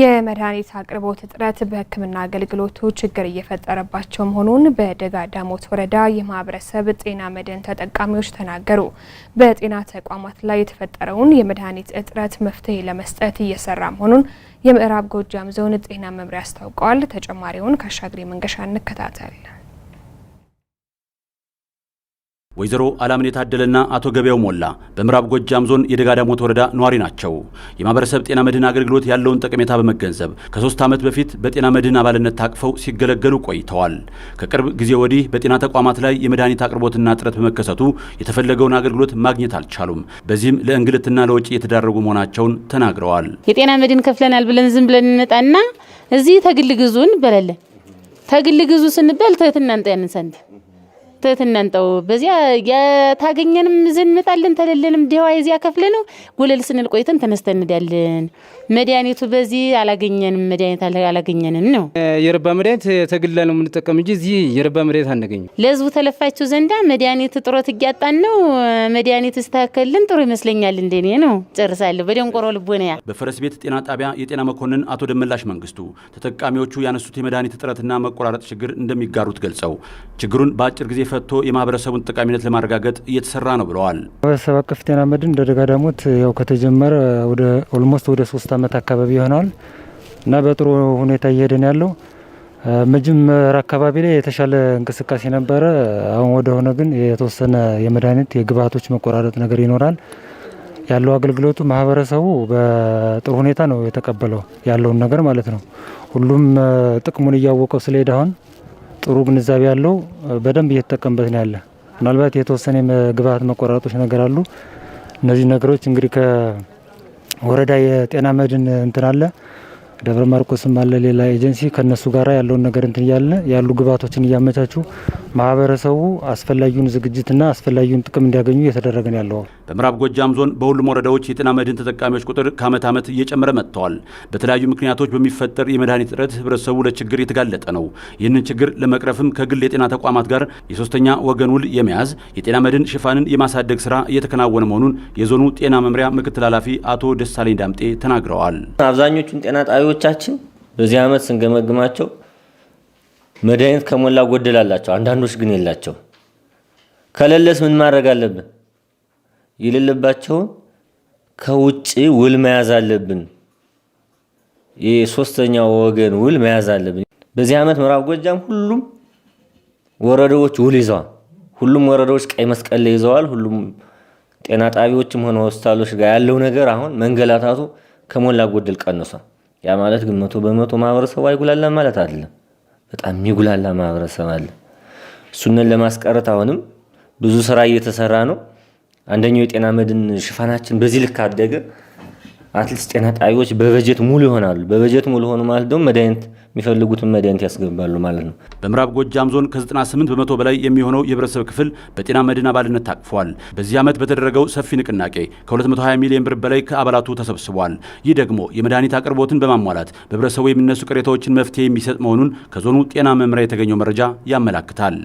የመድኃኒት አቅርቦት እጥረት በሕክምና አገልግሎቱ ችግር እየፈጠረባቸው መሆኑን በደጋ ዳሞት ወረዳ የማህበረሰብ ጤና መድን ተጠቃሚዎች ተናገሩ። በጤና ተቋማት ላይ የተፈጠረውን የመድኃኒት እጥረት መፍትሄ ለመስጠት እየሰራ መሆኑን የምዕራብ ጎጃም ዞን ጤና መምሪያ አስታውቀዋል። ተጨማሪውን ከአሻግሬ መንገሻ እንከታተል። ወይዘሮ አላምን የታደለና አቶ ገበያው ሞላ በምዕራብ ጎጃም ዞን የደጋዳሞት ወረዳ ነዋሪ ናቸው። የማህበረሰብ ጤና መድህን አገልግሎት ያለውን ጠቀሜታ በመገንዘብ ከሶስት ዓመት በፊት በጤና መድህን አባልነት ታቅፈው ሲገለገሉ ቆይተዋል። ከቅርብ ጊዜ ወዲህ በጤና ተቋማት ላይ የመድኃኒት አቅርቦትና እጥረት በመከሰቱ የተፈለገውን አገልግሎት ማግኘት አልቻሉም። በዚህም ለእንግልትና ለወጪ የተዳረጉ መሆናቸውን ተናግረዋል። የጤና መድህን ከፍለናል ብለን ዝም ብለን እንመጣና እዚህ ተግል ግዙ እንበላለን። ተግል ግዙ ስንባል ትህትና ትህትና እናንጠው በዚያ የታገኘንም ዝንጣልን ተለልንም ዲዋ የዚያ ከፍል ነው ጉልል ስንል ቆይተን ተነስተን እንዳለን መድኃኒቱ በዚህ አላገኘንም፣ መድኃኒት አላገኘንም ነው የርባ መድኃኒት ተግላ ነው የምንጠቀም እንጂ እዚህ የርባ መድኃኒት አንገኝ። ለህዝቡ ተለፋችሁ ዘንዳ መድኃኒት ጥሮት እያጣን ነው። መድኃኒት ስተካከልን ጥሩ ይመስለኛል። እንደኔ ነው። ጨርሳለሁ። በደንቆሮ ልቦና ያ በፈረስ ቤት ጤና ጣቢያ የጤና መኮንን አቶ ደመላሽ መንግስቱ ተጠቃሚዎቹ ያነሱት የመድኃኒት እጥረትና መቆራረጥ ችግር እንደሚጋሩት ገልጸው ችግሩን በአጭር ጊዜ ፈቶ የማህበረሰቡን ጠቃሚነት ለማረጋገጥ እየተሰራ ነው ብለዋል። ማህበረሰብ አቀፍ ጤና መድን እንደ ደጋ ዳሞት ያው ከተጀመረ ወደ ኦልሞስት ወደ ሶስት ዓመት አካባቢ ይሆናል እና በጥሩ ሁኔታ እየሄደን ያለው መጀመር አካባቢ ላይ የተሻለ እንቅስቃሴ ነበረ። አሁን ወደ ሆነ ግን የተወሰነ የመድኃኒት የግብአቶች መቆራረጥ ነገር ይኖራል። ያለው አገልግሎቱ ማህበረሰቡ በጥሩ ሁኔታ ነው የተቀበለው ያለውን ነገር ማለት ነው። ሁሉም ጥቅሙን እያወቀው ስለሄደ አሁን ጥሩ ግንዛቤ ያለው በደንብ እየተጠቀምበት ነው ያለ። ምናልባት የተወሰነ የግብአት መቆራረጦች ነገር አሉ። እነዚህ ነገሮች እንግዲህ ከወረዳ የጤና መድን እንትን አለ፣ ደብረ ማርቆስም አለ ሌላ ኤጀንሲ ከነሱ ጋራ ያለውን ነገር እንትን እያለ ያሉ ግብአቶችን እያመቻቹ ማህበረሰቡ አስፈላጊውን ዝግጅትና አስፈላጊውን ጥቅም እንዲያገኙ እየተደረገ ነው ያለው። በምዕራብ ጎጃም ዞን በሁሉም ወረዳዎች የጤና መድህን ተጠቃሚዎች ቁጥር ከዓመት ዓመት እየጨመረ መጥተዋል። በተለያዩ ምክንያቶች በሚፈጠር የመድኃኒት እጥረት ህብረተሰቡ ለችግር የተጋለጠ ነው። ይህንን ችግር ለመቅረፍም ከግል የጤና ተቋማት ጋር የሶስተኛ ወገን ውል የመያዝ የጤና መድህን ሽፋንን የማሳደግ ስራ እየተከናወነ መሆኑን የዞኑ ጤና መምሪያ ምክትል ኃላፊ አቶ ደሳለኝ ዳምጤ ተናግረዋል። አብዛኞቹን ጤና ጣቢያዎቻችን በዚህ ዓመት ስንገመግማቸው መድኃኒት ከሞላ ጎደል አላቸው። አንዳንዶች ግን የላቸው። ከሌለስ ምን ማድረግ አለብን? የሌለባቸውን ከውጭ ውል መያዝ አለብን። የሶስተኛው ወገን ውል መያዝ አለብን። በዚህ ዓመት ምዕራብ ጎጃም ሁሉም ወረዳዎች ውል ይዘዋል። ሁሉም ወረዳዎች ቀይ መስቀል ይዘዋል። ሁሉም ጤና ጣቢያዎችም ሆነ ሆስፒታሎች ጋር ያለው ነገር አሁን መንገላታቱ ከሞላ ጎደል ቀንሷል። ያ ማለት ግን መቶ በመቶ ማህበረሰቡ አይጉላለን ማለት አይደለም። በጣም የሚጉላላ ማህበረሰብ አለ። እሱነን ለማስቀረት አሁንም ብዙ ስራ እየተሰራ ነው። አንደኛው የጤና መድን ሽፋናችን በዚህ ልክ አደገ። አትሊስት ጤና ጣቢያዎች በበጀት ሙሉ ይሆናሉ። በበጀት ሙሉ ሆኑ ማለት ደግሞ መድኃኒት የሚፈልጉትን መድኃኒት ያስገባሉ ማለት ነው። በምዕራብ ጎጃም ዞን ከ98 በመቶ በላይ የሚሆነው የህብረተሰብ ክፍል በጤና መድን አባልነት ታቅፏል። በዚህ ዓመት በተደረገው ሰፊ ንቅናቄ ከ220 ሚሊዮን ብር በላይ ከአባላቱ ተሰብስቧል። ይህ ደግሞ የመድኃኒት አቅርቦትን በማሟላት በህብረተሰቡ የሚነሱ ቅሬታዎችን መፍትሄ የሚሰጥ መሆኑን ከዞኑ ጤና መምሪያ የተገኘው መረጃ ያመላክታል።